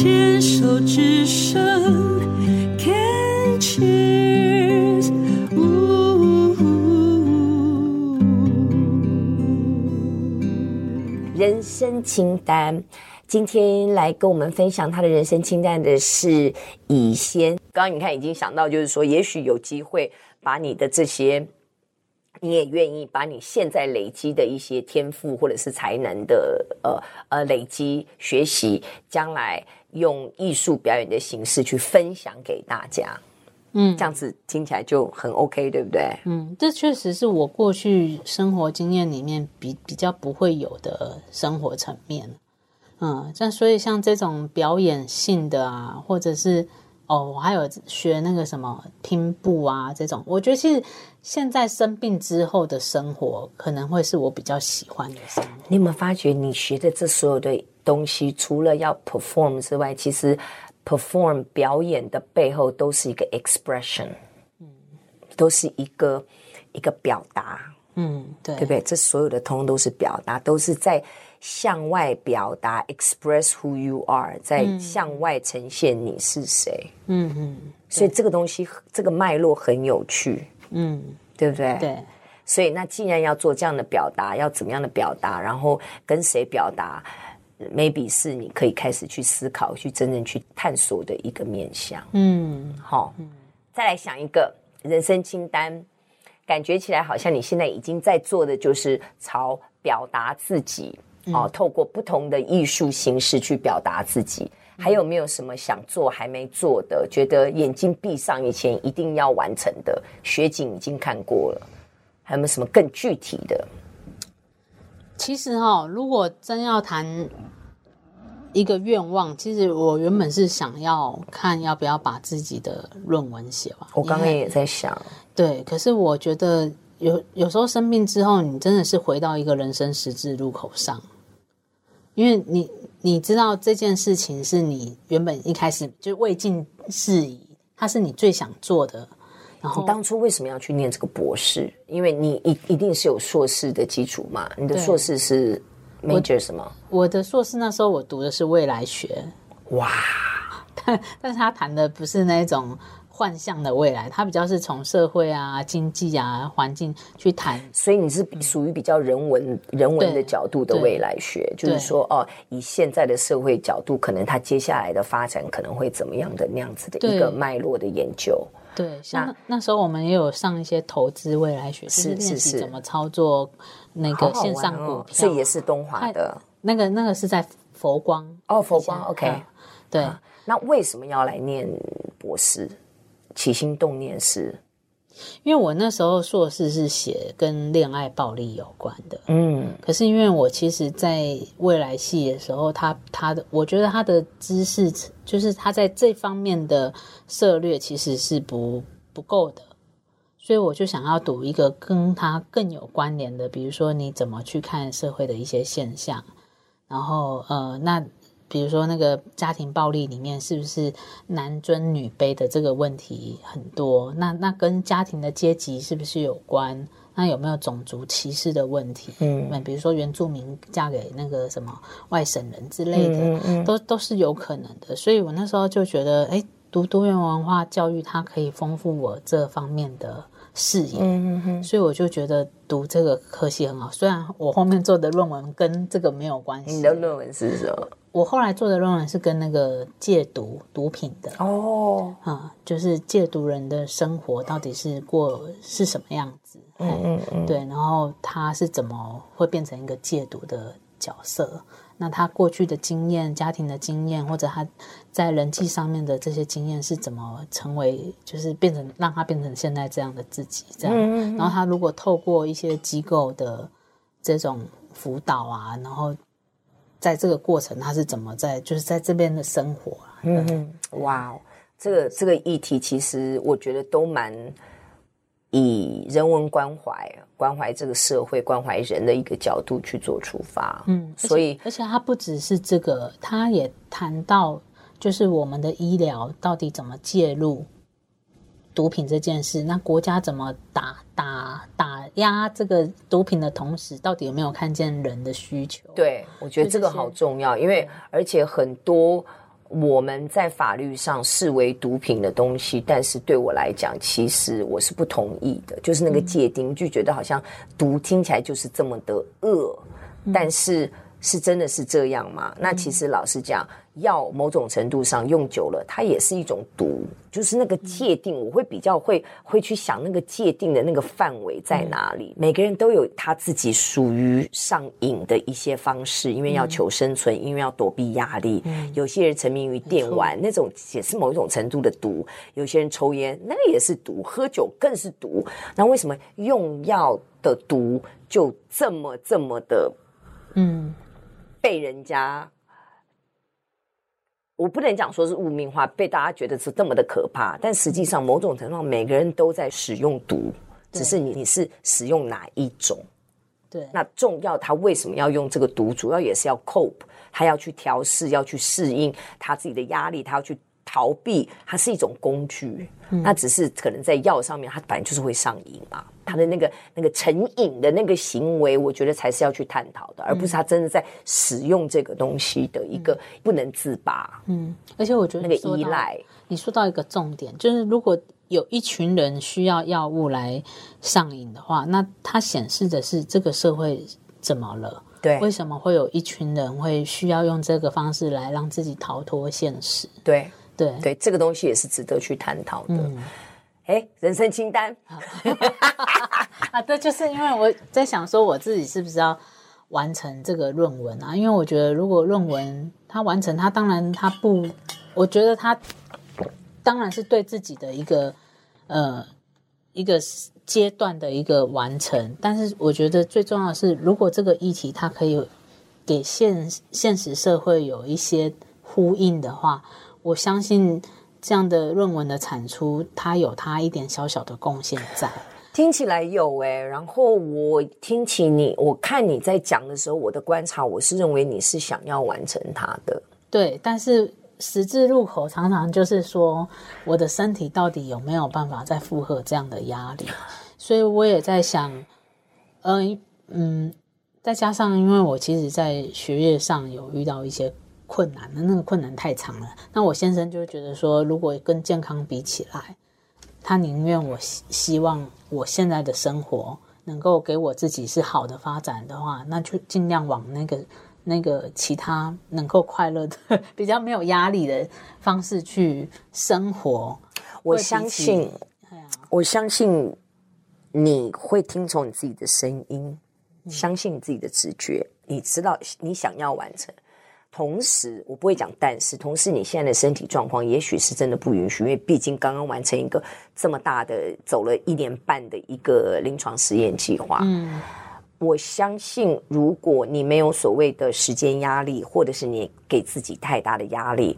牽手只剩干 c，喔喔喔喔，人生清單，今天來跟我們分享他的人生清單的是乙先。剛剛你看已經想到，就是說，也許有機會把你的這些，你也願意把你現在累積的一些天賦或者是才能的，呃呃，累積學習，將來。用藝術表演的形式去分享給大家，嗯，這樣子聽起來就很 OK，對不對？嗯，這確實是我過去生活經驗裡面比比較不會有的生活層面，嗯，像所以像這種表演性的啊，或者是哦，我還有學那個什麼拼布啊這種。我覺得其實現在生病之後的生活，可能會是我比較喜歡的生活。你有沒有發覺你學的這所有的？東西除了要 perform 之外，其實 perform 表演的背後都是一個 expression，嗯，都是一個一個表達，嗯，對，對不對？這所有的通通都是表達，都是在向外表達，express who you are，在向外呈現你是誰，嗯嗯。所以這個東西，對這個脈絡很有趣，嗯，對不對？對。所以那既然要做這樣的表達，要怎麼樣的表達，然後跟誰表達？maybe 是你可以開始去思考，去真正去探索的一個面向。嗯，好，再來想一個人生清單，感覺起來好像你現在已經在做的就是朝表達自己，啊、嗯哦，透過不同的藝術形式去表達自己。嗯、還有沒有什麼想做還沒做的？嗯、覺得眼睛閉上以前一定要完成的，雪景已經看過了，還有沒有什麼更具體的？其實哈、哦，如果真要談一個願望，其實我原本是想要看要不要把自己的論文寫完。我剛剛也在想，對，可是我覺得有有時候生病之後，你真的是回到一個人生十字路口上，因為你你知道這件事情是你原本一開始就未盡事宜，它是你最想做的。然後你當初為什麼要去念這個博士？因為你一一定是有碩士的基礎嘛。你的碩士是 major 什麼？我的碩士那時候我讀的是未來學。哇！但但是他談的不是那種。幻象的未來，它比較是從社會啊、經濟啊、環境去談，所以你是屬於比較人文、人文的角度的未來學，就是說哦，以現在的社會角度，可能它接下來的發展可能會怎麼樣的那樣子的一個脈絡的研究。對，那那時候我們也有上一些投資未來學，是是是，怎麼操作那個線上股票，這也是東華的那個那個是在佛光哦，佛光，OK，對，那為什麼要來念博士？起心動念是因為我那時候碩士，是寫跟戀愛暴力有關的，嗯，可是因為我其實在未來系的時候，他他的我覺得他的知識，就是他在這方面的涉獵其實是不不夠的，所以我就想要讀一個跟他更有關聯的，比如說你怎麼去看社會的一些現象，然後呃那。比如說，那個家庭暴力裡面是不是男尊女卑的這個問題很多？那那跟家庭的階級是不是有關？那有沒有種族歧視的問題？嗯，比如說原住民嫁給那個什麼外省人之類的，嗯，嗯，嗯，都都是有可能的。所以我那時候就覺得，哎，讀多元文化教育，它可以豐富我這方面的。視野，嗯、哼哼，所以我就覺得讀這個科系很好。雖然我後面做的論文跟這個沒有關係。你的論文是什麼？我後來做的論文是跟那個戒毒、毒品的哦，啊、嗯，就是戒毒人的生活到底是過是什麼樣子？哎嗯、哼對，然後他是怎麼會變成一個戒毒的角色？那他過去的經驗、家庭的經驗，或者他在人際上面的這些經驗是怎麼成為，就是變成讓他變成現在這樣的自己？這樣。嗯嗯嗯。然後他如果透過一些機構的這種輔導啊，然後在這個過程，他是怎麼在，就是在這邊的生活啊，嗯，嗯，哇，嗯，wow, 這個這個議題其實我覺得都蠻。以人文關懷、關懷這個社會、關懷人的一個角度去做出發，嗯，所以而且他不只是這個，他也談到，就是我們的醫療到底怎麼介入毒品這件事，那國家怎麼打打打壓這個毒品的同時，到底有沒有看見人的需求？對，我覺得這個好重要，因為而且很多。我們在法律上視為毒品的東西，但是對我來講，其實我是不同意的。就是那個界定，就覺得好像毒聽起來就是這麼的惡，但是。是真的是這樣嗎？那其實老實講，藥、嗯、某種程度上用久了，它也是一種毒，就是那個界定，嗯、我會比較會會去想那個界定的那個範圍在哪裡。嗯、每個人都有他自己屬於上癮的一些方式，因為要求生存，嗯、因為要躲避壓力。嗯、有些人沉迷於電玩，沒錯。那種也是某一種程度的毒；有些人抽菸，那個也是毒；喝酒更是毒。那為什麼用藥的毒就這麼這麼的，嗯？被人家，我不能講說是污名化，被大家覺得是這麼的可怕。但實際上，某種程度上每個人都在使用毒，只是你對你是使用哪一種。對，那重要他為什麼要用這個毒？主要也是要 cope，他要去調試，要去適應他自己的壓力，他要去逃避，它是一種工具。嗯、那只是可能在藥上面，它反正就是會上癮嘛。他的那個那個成癮的那個行為，我覺得才是要去探討的，嗯，而不是他真的在使用這個東西的一個不能自拔。嗯，而且我覺得，那個依賴，你說到一個重點，就是如果有一群人需要藥物來上癮的話，那它顯示的是這個社會怎麼了？對，為什麼會有一群人會需要用這個方式來讓自己逃脫現實？對，對，對，這個東西也是值得去探討的。嗯哎，人生清單啊，對，就是因為我在想說，我自己是不是要完成這個論文啊？因為我覺得，如果論文它完成，它當然它不，我覺得它當然是對自己的一個呃一個階段的一個完成。但是，我覺得最重要的是，如果這個議題它可以給現現實社會有一些呼應的話，我相信。這樣的論文的產出，它有它一點小小的貢獻在。聽起來有、欸、然後我聽起你，我看你在講的時候，我的觀察，我是認為你是想要完成它的。對，但是十字路口常常就是說，我的身體到底有沒有辦法再負荷這樣的壓力？所以我也在想，嗯、呃、嗯，再加上因為我其實，在學業上有遇到一些。困難，那那個困難太長了，那我先生就覺得說，如果跟健康比起來，他寧願我希希望我現在的生活能夠給我自己是好的發展的話，那就盡量往那個那個其他能夠快樂的、比較沒有壓力的方式去生活。我相信，哎呀，我相信你會聽從你自己的聲音，嗯、相信你自己的直覺，你知道你想要完成。同時，我不會講，但是同時，你現在的身體狀況也許是真的不允許，因為畢竟剛剛完成一個這麼大的、走了一年半的一個臨床實驗計劃。嗯，我相信，如果你沒有所謂的時間壓力，或者是你給自己太大的壓力。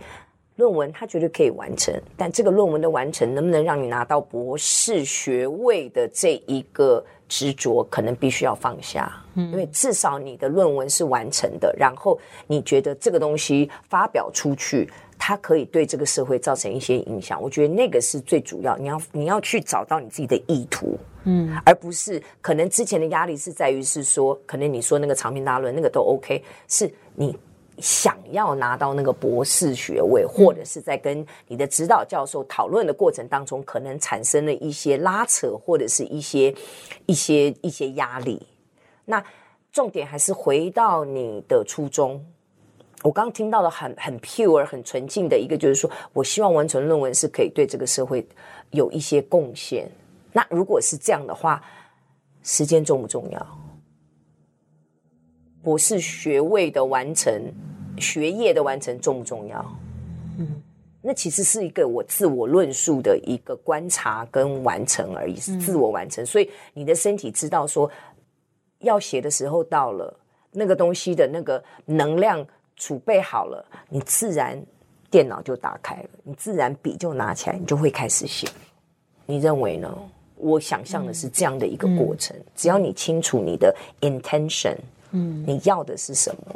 論文它絕對可以完成，但這個論文的完成能不能讓你拿到博士學位的這一個執着，可能必須要放下，嗯，因為至少你的論文是完成的，然後你覺得這個東西發表出去，它可以對這個社會造成一些影響，我覺得那個是最主要，你要你要去找到你自己的意圖，嗯，而不是可能之前的壓力是在於是說，可能你說那個長篇大論那個都 OK，是你。想要拿到那個博士學位，或者是在跟你的指導教授討論的過程當中，可能產生了一些拉扯，或者是一些、一些、一些壓力。那重點還是回到你的初衷。我剛聽到的很、很 pure、很純淨的一個，就是說我希望完成論文是可以對這個社會有一些貢獻。那如果是這樣的話，時間重不重要？博士學位的完成。學業的完成重不重要？嗯，那其實是一個我自我論述的一個觀察跟完成而已，是、嗯、自我完成。所以你的身體知道說要寫的時候到了，那個東西的那個能量儲備好了，你自然電腦就打開了，你自然筆就拿起來，你就會開始寫。你認為呢？嗯、我想象的是這樣的一個過程，嗯、只要你清楚你的 intention，嗯，你要的是什麼？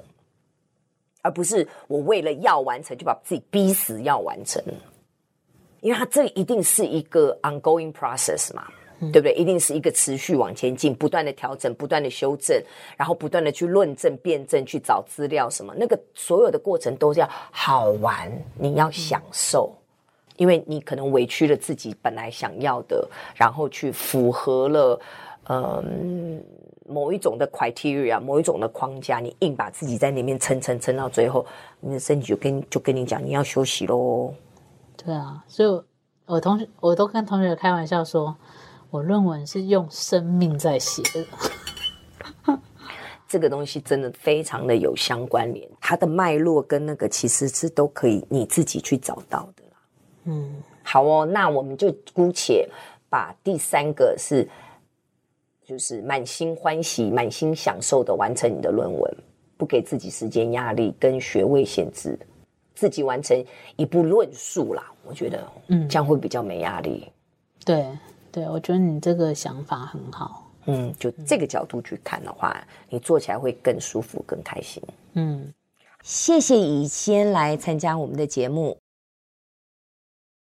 而不是我為了要完成，就把自己逼死要完成，因為它，這一定是一個 ongoing process 嘛，對不對？一定是一個持續往前進，不斷的調整，不斷的修正，然後不斷的去論證、辯證，去找資料什麼，那個所有的過程都是要好玩，你要享受，因為你可能委屈了自己本來想要的，然後去符合了。嗯，某一種的 criteria，某一種的框架，你硬把自己在裡面撐撐撐到最後，你的身體就跟就跟你講，你要休息嘍。對啊，所以我我同學我都跟同學開玩笑說，我論文是用生命在寫的。 這個東西真的非常的有相關聯，它的脈絡跟那個其實是都可以你自己去找到的。嗯，好哦，那我們就姑且把第三個是。就是滿心歡喜、滿心享受的完成你的論文，不給自己時間壓力跟學位限制，自己完成一部論述啦。我覺得，嗯，這樣會比較沒壓力。嗯。對，對，我覺得你這個想法很好。嗯，就這個角度去看的話，嗯，你做起來會更舒服、更開心。嗯，謝謝乙先來參加我們的節目。